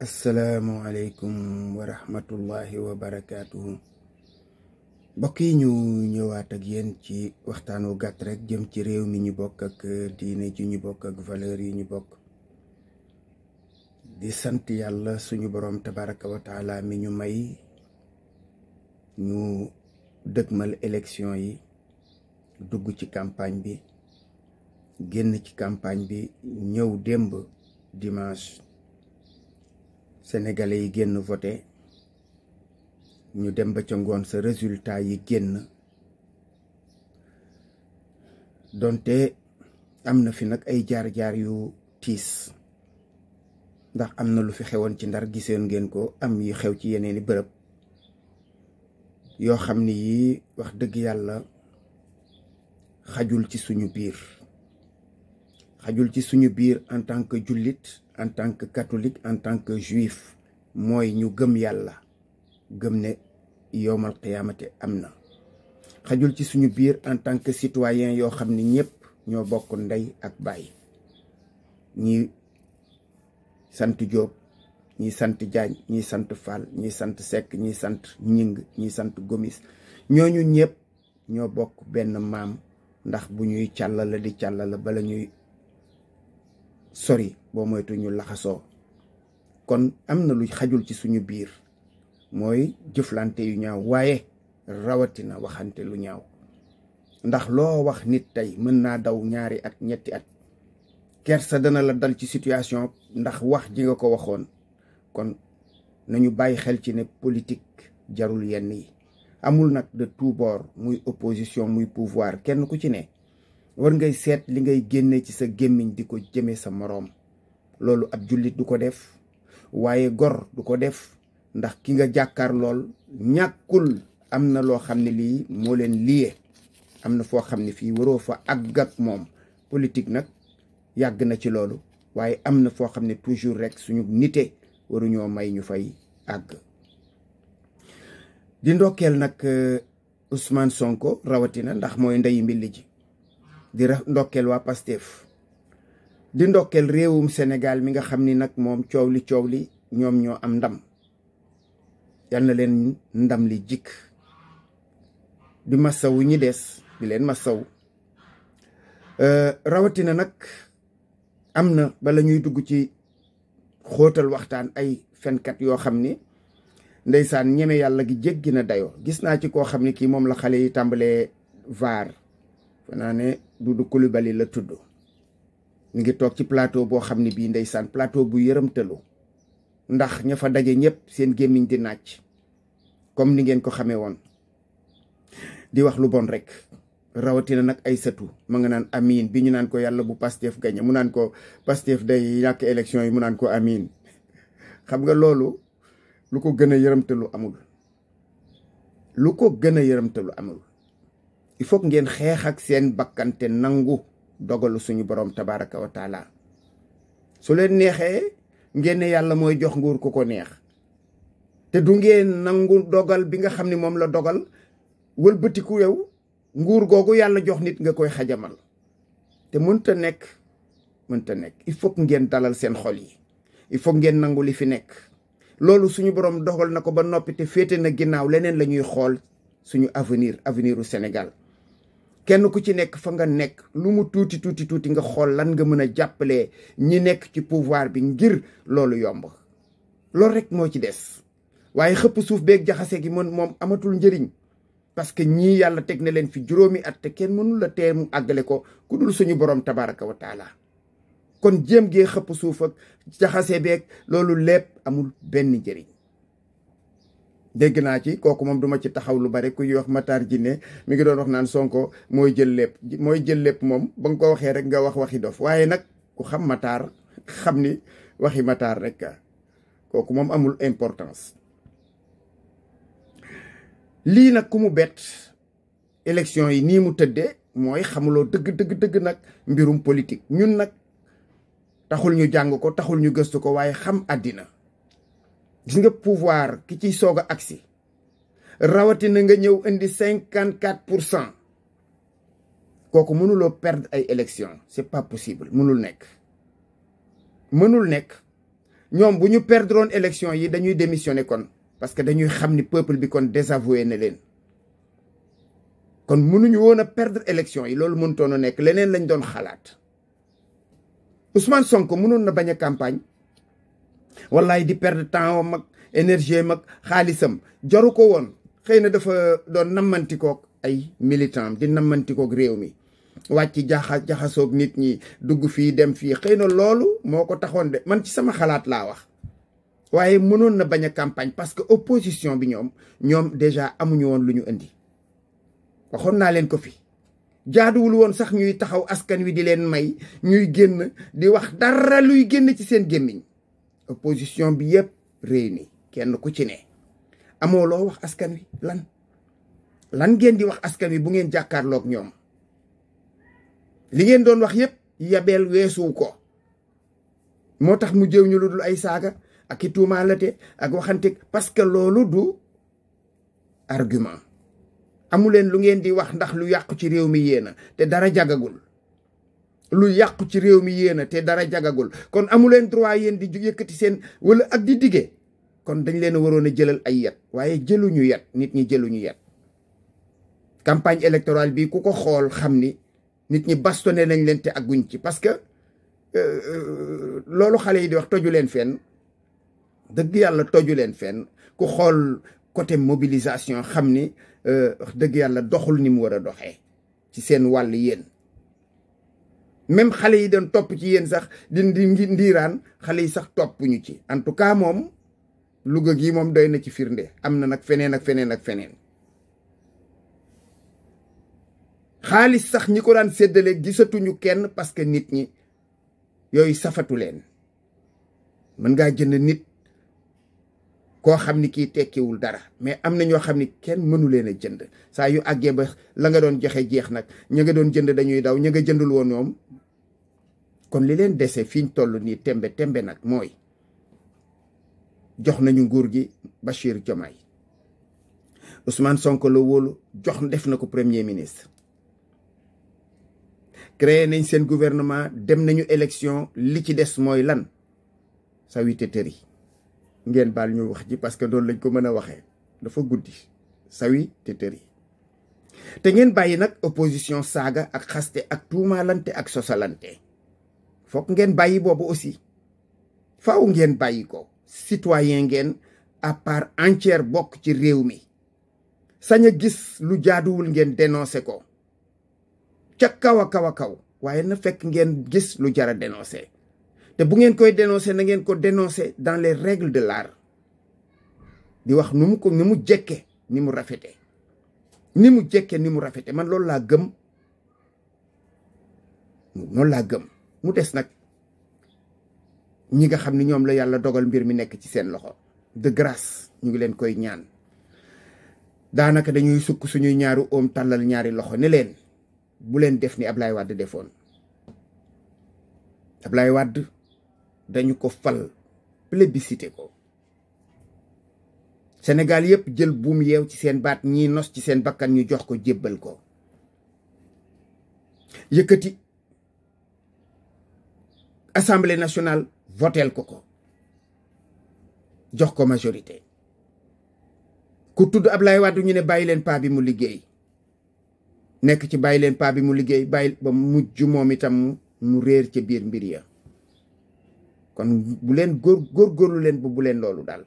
asalaamualeykum wa rahmatullahi wa barakaatuhu yi ñu ñëwaat ak yéen ci waxtaan wu gàtt rekk jëm ci réew mi ñu bokk ak diine ji ñu bokk ak valeur yi ñu bokk di sant yàlla suñu boroom tabaraka wa mi ñu may ñu dëgmal élection yi dugg ci campagne bi génn ci campagne bi ñëw démb dimanche sénégalais yi génn voté ñu dem ba ca ngoon sa résultat yi génn donte am na fi nag ay jaar-jaar yu tiis ndax am na lu fi xewoon ci ndar giseen ngeen ko am yi xew ci yeneeni bërëb yoo xam ni yii wax dëgg yàlla xajul ci suñu biir xajul ci suñu biir en tant que jullit en tant que catholique en tant que juif mooy ñu gëm yàlla gëm ne yowmal qiyaamate am na xajul ci suñu biir en tant que citoyen yoo xam ne ñëpp ñoo bokk ndey ak baay ñi sant Jóob ñi sant Jaañ ñi sant Faal ñi sant Sekk ñi sant Ñing ñi sant Gomis ñooñu ñëpp ñoo bokk benn maam ndax bu ñuy càllala di càllala bala ñuy sori boo moytu ñu laxasoo kon am na lu xajul ci suñu biir mooy jëflante yu ñaaw waaye rawatina waxante lu ñaaw ndax loo wax nit tey mën naa daw ñaari at ñetti at kers dana la dal ci situation ndax wax ji nga ko waxoon kon nañu bàyyi xel ci ne politique jarul yenn yi amul nag de tout muy opposition muy pouvoir kenn ku ci ne war ngay seet li ngay génne ci sa gémmiñ di ko jëmee sa moroom loolu ab jullit du ko def waaye gor du ko def ndax ki nga jàkkaar lool ñàkkul am na loo xam ne lii moo leen liie am na foo xam ne fii waroo fa àgg ak moom politique nag yàgg na ci loolu waaye am na foo xam ne toujours rek suñu nite waruñoo may ñu fay àgg di ndokkeel nag euh, Ousmane Sonko rawatina ndax mooy ndeyu mbilli ji di ra ndokkeel waa Pastef di ndokkeel réewum Sénégal mi nga xam ni nag moom coow li coow li ñoom ñoo am ndam yal na leen ndam li jikk di masawu ñi des di leen masawu euh, rawatina nag am na bala ñuy dugg ci xootal waxtaan ay fenkat yoo xam ni ndeysaan ñeme yàlla gi jéggi na dayoo gis naa ci koo xam ni kii moom la xale yi tàmbalee vaar Doudou Coulibaly la tudd mu ngi toog ci plateau boo xam ne bii ndeysaan plateau bu yërëmtalu ndax ña fa daje ñëpp seen gémmiñ di nàcc comme ni ngeen ko xamee woon di wax lu bon rek rawatina nag ay sëtu mu nga naan amiin bi ñu naan ko yàlla bu Pastef gañe mu naan ko Pastef day ñàkk élection yi mu naan ko amiin xam nga loolu lu ko gën a yërëmtalu amul lu ko gën a yërëmtalu amul il faut ngeen xeex ak seen bakkante nangu dogalu suñu borom tabaraka wa su leen neexee ngeen yàlla mooy jox nguur ku ko neex te du ngeen nangu dogal bi nga xam ni moom la dogal wëlbatiku yow nguur googu yàlla jox nit nga koy xajamal te mënta nekk mënta nekk il faut ngeen dalal seen xol yi il faut ngeen nangu li fi nekk loolu suñu borom dogal na ko ba noppi te féete na ginnaaw leneen la ñuy xool suñu avenir aveniru senegal kenn ku ci nekk fa nga nekk lu mu tuuti tuuti tuuti nga xool lan nga mën a jàppalee ñi nekk ci pouvoir bi ngir loolu yomb loolu rek moo ci des waaye xëpp suuf beeg jaxasee gi mën moom amatul njëriñ parce que ñii yàlla teg na leen fi juróomi at te kenn mënul la tee àggale ko ku dul suñu borom tabaraka wa taala kon jéem gee xëpp suuf ak jaxase beeg loolu lépp amul benn njëriñ dégg naa ci kooku moom duma ci taxaw lu bari kuy ñuy wax Matar Jinne mi ngi doon wax naan Sonko mooy jël lépp jël lépp moom ba nga ko waxee rek nga wax waxi dof waaye nag ku xam Matar xam ni waxi mataar rek kooku moom amul importance. lii nag ku mu bett élection yi nii mu tëddee mooy xamuloo dëgg dëgg dëgg nag mbirum politique ñun nag taxul ñu jàng ko taxul ñu gëstu ko waaye xam àddina. gis nga pouvoir ki ciy soog a agsi rawatina nga ñëw indi cinquante quatre pour cent kooku mënuloo perdre ay élections c'est pas possible mënul nekk mënul nekk ñoom bu ñu perdroon élection yi dañuy démissionner kon parce que dañuy xam ni peuple bi kon désavoué na leen kon mënuñu woon a perdre élection yi loolu mënutoon a nekk leneen lañ doon xalaat Ousmane Sonko mënoon na bañ a campagne wallaay di perdre temps am ak énergie mag xaalisam jaru ko woon xëy na dafa doon nammantikoog ay militant di nammantikoog réew mi wàcc jaxa jaxasoog nit ñi dugg fii dem fii xëy na loolu moo ko taxoon de man ci sama xalaat laa wax waaye mënoon na bañ a campagne parce que opposition bi ñoom ñoom déjà amuñu woon lu ñu indi waxoon naa leen ko fi jaaduwul woon sax ñuy taxaw askan wi di leen may ñuy génn di wax dara luy génn ci seen gémmiñ opposition bi yëpp réuni kenn ku ci ne amoo loo wax askan wi lan lan ngeen di wax askan wi bu ngeen jàkkaarloog ñoom li ngeen doon wax yëpp yabeel weesuwu ko moo tax mu jëw ñu lu dul ay saaga ak i tuumaalate ak waxante parce que loolu du argument amuleen lu ngeen di wax ndax lu yàqu ci réew mi yéena te dara jagagul lu yàqu ci réew mi yéen a te dara jagagul kon amuleen droit yéen di yëkkati seen wala ak di diggee kon dañ leen a waroon a jëlal ay yet waaye jëluñu yet nit ñi jëluñu yet campagne électorale bi ku ko xool xam ni nit ñi bastonné nañ leen te agguñ ci parce que euh, euh, loolu xale yi di wax toju leen fenn dëgg yàlla toju leen fenn ku xool côté mobilisation xam ni euh, dëgg yàlla doxul ni mu war a doxee ci seen wàll yéen même xale yi doon topp ci yéen sax di di ndiiraan xale yi sax toppuñu ci en tout cas moom Louga gii moom doy na ci firnde am na nag feneen ak feneen ak feneen xaalis sax ñi ko daan séddale gisatuñu kenn parce que nit ñi yooyu safatu leen mën ngaa jënd nit koo xam ni kii tekkiwul dara mais am na ñoo xam ni kenn mënu leen a jënd saa yu àggee ba la nga doon joxe jeex nag ña nga doon jënd dañuy daw ña nga jëndul woon ñoom kon li leen dese fi ñu toll nii tembe tembe nag mooy jox nañu nguur gi Bachir Diomaye Ousmane Sonko la wóolu jox def na ko premier ministre créé nañ seen gouvernement dem nañu élection li ci des mooy lan sa wite tëri ngeen baal ñu wax ji parce que doon lañ ko mën a waxee dafa guddi sawi te tëri te ngeen bàyyi nag opposition saaga ak xaste ak tuumaalante ak sosalante fokk ngeen bàyyi boobu aussi faw ngeen bàyyi ko citoyen ngeen à part entière bokk ci réew mi sañ a gis lu jaaduwul ngeen dénoncé ko ca kaw a kaw kaw waaye na fekk ngeen gis lu jara dénoncé te bu ngeen koy dénoncé na ngeen ko dénoncé dans les règles de l'art di wax nu mu ko ni mu jekke ni mu rafete ni mu jekke ni mu rafete man loolu laa gëm loolu laa gëm mu des nag ñi nga xam ne ñoom la yàlla dogal mbir mi nekk ci seen loxo de grâce ñu ngi leen koy ñaan daanaka dañuy sukk suñuy ñaari oom tàllal ñaari loxo ni leen bu leen def ni Ablaye Wade defoon lay Wade dañu ko fal plébiscité ko Sénégal yëpp jël buum yeew ci seen baat ñi nos ci seen bakkan ñu jox ko jébbal ko yëkkati assemblée nationale voteel ko ko jox ko majorité ku tudd Ablaye Wade ñu ne bàyyi leen paa bi mu liggéey nekk ci bàyyi leen paa bi mu liggéey bàyyi ba mujj moom itam mu réer ca biir mbir ya kon bu leen góor góorgóorlu leen bu bu leen loolu daal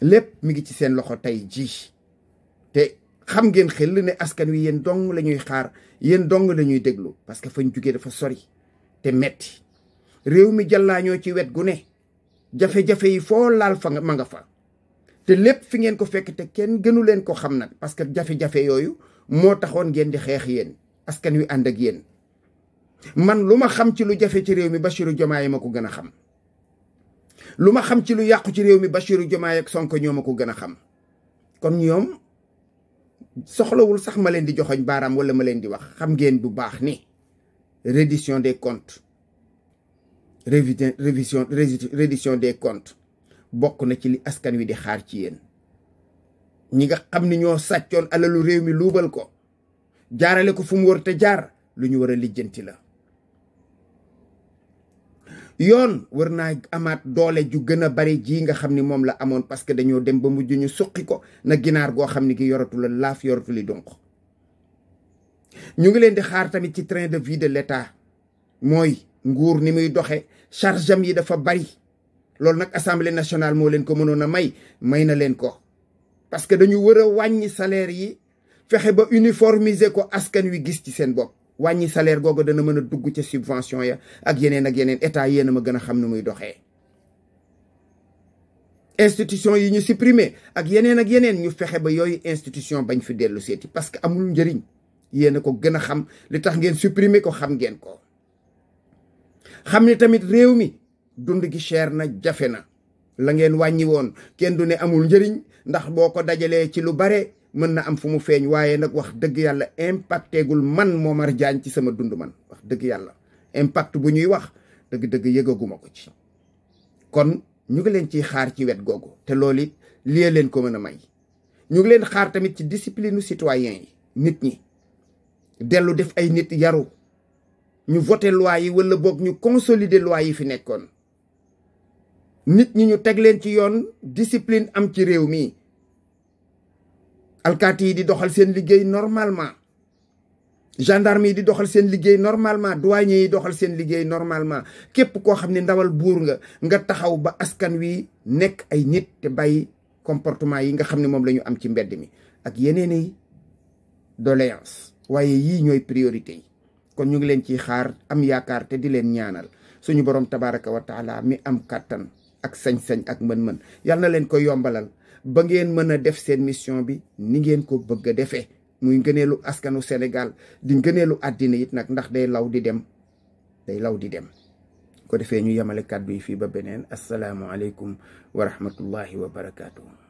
lépp mu ngi ci seen loxo tey jii te xam ngeen xel ne askan wi yéen dong la ñuy xaar yéen dong la ñuy déglu parce que fañ jugee dafa sori te metti réew mi jàllaañoo ci wet gu ne jafe-jafe yi foo laal fa nga ma nga fa te lépp fi ngeen ko fekk te kenn gënu leen ko xam nag parce que jafe-jafe yooyu moo taxoon ngeen di xeex yéen askan wi ànd ak yéen man lu ma xam ci lu jafe ci réew mi Bassirou Diomaye ma ko gën a xam lu ma xam ci lu yàqu ci réew mi Bassirou Diomaye ak Sonko ñoo ma ko gën a xam kon ñoom soxlawul sax ma leen di joxoñ baaraam walla ma leen di wax xam ngeen bu baax ni reddition des comptes révision reddition des comptes bokk na ci li askan wi di xaar ci yéen ñi nga xam ni ñoo sàccoon alalu réew mi luubal ko jaarale ko fu mu war te jaar lu ñu war a lijjanti la yoon war naa amaat doole ju gën a bari ji nga xam ni moom la amoon parce que dañoo dem ba mujj ñu suqi ko na ginaar goo xam ni gi yoratu la laaf yoratu li donc ñu ngi leen di xaar tamit ci train de vie de l'État mooy nguur ni muy doxe charge am yi dafa bari loolu nag assemblée nationale moo leen ko mënoon a may may na leen ko parce que dañu war a wàññi salaire yi fexe ba uniformiser ko askan wi gis ci seen bopp wàññi salaire googu dana mën a dugg ca subvention ya ak yeneen ak yeneen état yéen ma gën a xam nu muy doxee institution yi ñu supprimer ak yeneen ak yeneen ñu fexe ba yooyu institution bañ fi dellu seeti parce que amul njëriñ yéen a ko gën a xam li tax ngeen supprimer ko xam ngeen ko xam ni tamit réew mi dund gi cher na jafe na la ngeen wàññi woon kenn du ne amul njëriñ ndax boo ko dajalee ci lu bare mën na am fu mu feeñ waaye nag wax dëgg yàlla impacté gul man Momar Diagne ci sama dund man wax dëgg yàlla impact bu ñuy wax dëgg-dëgg yëgaguma ko ci kon ñu ngi leen ciy xaar ci wet googu te loolu it lii leen ko mën a may ñu ngi leen xaar tamit ci discipline citoyen yi nit ñi dellu def ay nit yaru ñu voté loi yi wala boog ñu consolider loi yi fi nekkoon nit ñi ñu teg leen ci yoon discipline am ci réew mi alkaati yi di doxal seen liggéey normalement gendarme yi di doxal seen liggéey normalement douanier yi doxal seen liggéey normalement képp koo xam ne ndawal buur nga nga taxaw ba askan wi nekk ay nit te bàyyi comportement yi nga xam ne moom la ñu am ci mbedd mi ak yeneen i doléance waaye yii ñooy priorité yi kon ñu ngi leen ciy xaar am yaakaar te di leen ñaanal suñu borom tabaraka wa taala mi am kàttan ak sañ-sañ ak mën-mën yal leen ko yombalal ba ngeen mën a def seen mission bi ni ngeen ko bëgg a defee muy ngëneelu askanu senegal di ngëneelu àddina it nag ndax day law di dem day law di dem ko defee ñu yemale kàddu yi fii ba beneen asalaamualeykum wa rahmatullahi wa barakaatu.